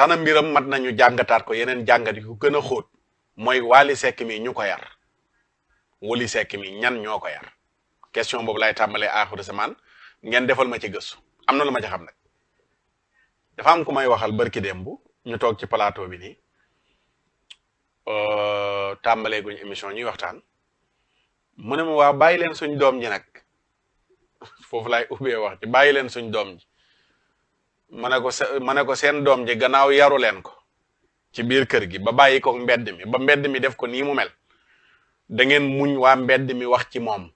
tax na mbiram mat nañu jàngataat ko yeneen jàngat yu gën a xóot mooy Wally Seck ñu ko yar Wally Seck mi ñan ñoo ko yar question boobu lay tàmbalee aaxiru semaine ngeen defal ma ci gëstu am na lu ma ci xam nag dafa am ku may waxal barki démb ñu toog ci plateau bi nii euh, tàmbalee guñ émission ñuy waxtaan mu ne ma waa bàyyi leen suñ doom ji nag foofu laay ubbee wax ci bàyyi leen suñ doom ji mu ne ko seen doom ji gannaaw yaru leen ko ci biir kër gi ba bàyyi ko mbedd mi ba mbedd mi def ko nii mu mel da ngeen muñ waa mbedd mi wax ci moom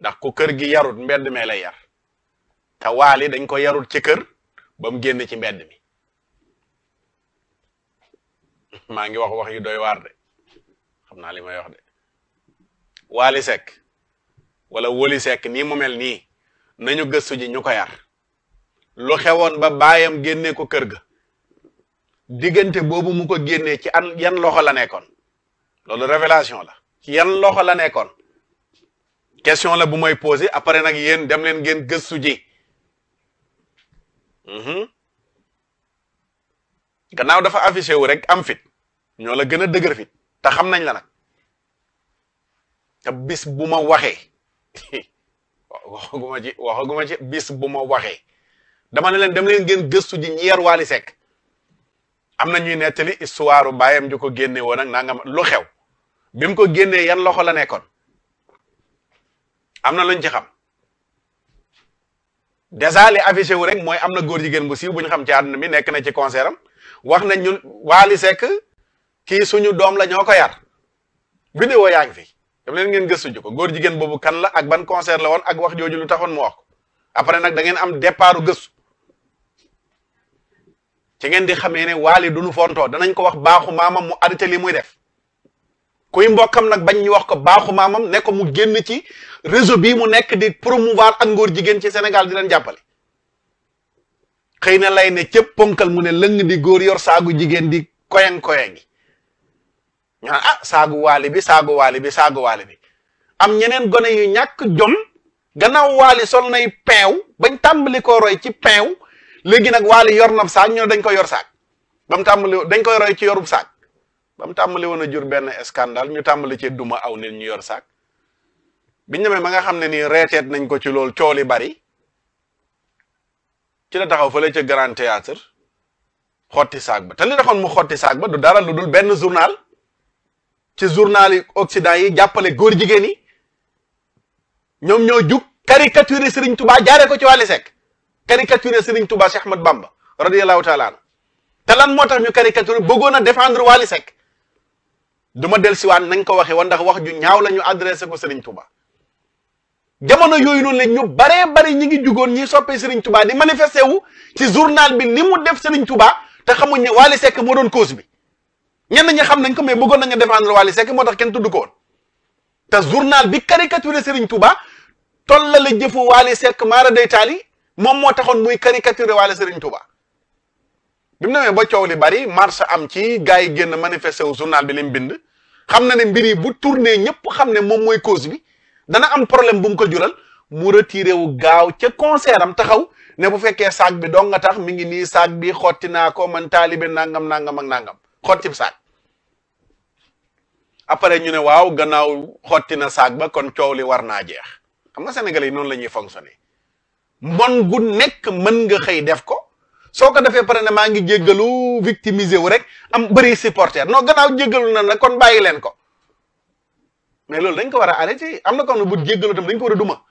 ndax ku kër gi yarut mbedd mee lay yar te waali dañ ko yarut ci kër ba mu génn ci mbedd mi maa ngi wax wax yu doy war de xam naa li may wax de waali sekk wala woli sekk nii mu mel nii nañu gëstu ji ñu ko yar lu xewoon ba baayam génnee ko kër ga diggante boobu mu ko génnee ci an yan loxo la nekkoon loolu révélation la ci yan loxo la nekkoon question la bu may posé après nag yéen dem leen ngeen gëstu ji mhm. gannaaw dafa affiché wu rek am fit ñoo la gën a dëgër fit te xam nañ la nag te bis bu ma waxee waxaguma ci waxaguma ci bis bu ma waxee dama ne leen dem geen ngeen gëstu ji ñeer Waly Seck am na ñuy nettali histoire baayam ju ko génne woon ak nangam lu xew bi mu ko génnee yan loxo la nekkoon am na luñ ci xam dèjà li wu rek mooy am na góor jigéen bu siiw bu ñu xam ci àdduna bi nekk na ci concert am wax nañ ñu Waly sekk kii suñu doom la ñoo ko yar vidéo yaa ngi fi dam leen ngeen gëstu ji ko góor jigéen boobu kan la ak ban concert la woon ak wax jooju lu taxoon mu wax ko après nag da ngeen am départu gëstu ci ngeen di xamee ne waali du lu fontoo danañ ko wax baaxu maamam mu arrêté li muy def kuy mbokkam nag bañ ñu wax ko baaxu maamam ne ko mu génn ci réseau bii mu nekk di promouvoir ak ngóor jigéen ci senegal di leen jàppale xëy na lay ne cëpp ponkal mu ne lëng di góor yor saagu jigéen di koyang koyang gi ñu naan ah saagu waali bi saagu waali bi saagu waali bi am ñeneen gone yu ñàkk jom gannaaw waali sol nay peew bañ tàmbali ko roy ci peew léegi nag waali yor na saak ñoo dañ ko yor saak ba mu tàmbali dañ koy roy ci yorub saak ba mu tàmbali woon a jur benn scandale ñu tàmbali cee duma aw nit ñu yor saak biñ demee ma nga xam ne nii reeteet nañ ko ci loolu cooli bari ci la taxaw la ca Grand Théâtre xotti saak ba te li taxoon mu xotti saak ba du dara lu dul benn journal ci journal yi Occident yi jàppale góor jigéen yi ñoom ñoo jug caricature Serigne tubaa jaaree ko ci Wally Seck caricaturé Serigne Touba Cheikh Ahmad Bamba radiyallahu taala anhu te lan moo tax ñu caricaturé bëggoon a défendre Wally Seck du ma dellusiwaat nañ ko waxee woon ndax wax ju ñaaw la ñu adressé ko Serigne Touba jamono yooyu noonu la ñu baree bari ñi ngi jugoon ñi soppee Serigne Touba di manifesté wu ci journal bi ni mu def Serigne Touba te xamuñ ne Wally Seck moo doon cause bi ñenn ñi xam nañ ko mais bëggoon nañu défendre Wally Seck moo tax kenn tudd ko woon te journal bi caricaturé Serigne Touba toll la la jëfu Wally Seck maara day taali moom moo taxoon muy caricature waale Serigne Touba bi mu demee ba coow li bari marche am ci gars yi génn manifesté wu journal bi lim bind xam na ne mbir yi bu tourné ñëpp xam ne moom mooy cause bi dana am problème bu mu ko jural mu retiré wu gaaw ca concert am taxaw ne bu fekkee saag bi dong nga tax mi ngi nii saag bi xotti naa ko man taalibe nangam nangam ak nangam xotti saag après ñu ne waaw gannaaw xotti na saag ba kon coow li war naa jeex xam nga sénégalais yi noonu la ñuy fonctionner mbon gu nekk mën nga xëy def ko soo ko defee pare ne maa ngi jéggalu victimisé wu rek am bëri supporter non gannaaw jéggalu na nag kon bàyyi leen ko mais loolu dañ ko war a am na kon bu jéggalu tam dañ ko war a duma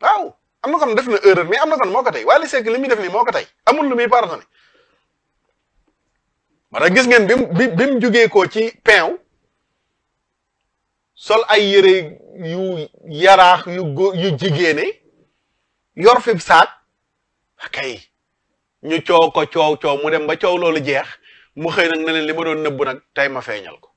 waaw am na kon def na erreur mais am na kon moo ko tey Wally Seck li muy def nii moo ko tey amul lu muy pardonné wala gis ngeen bi mu bi mu jugee koo ci peew sol ay yére yu yaraax yu yu jigéene yor fi saak kay ñu coow ko coow coow mu dem ba coow loolu jeex mu xëy nag ne leen li ma doon nëbbu nag tey ma feeñal ko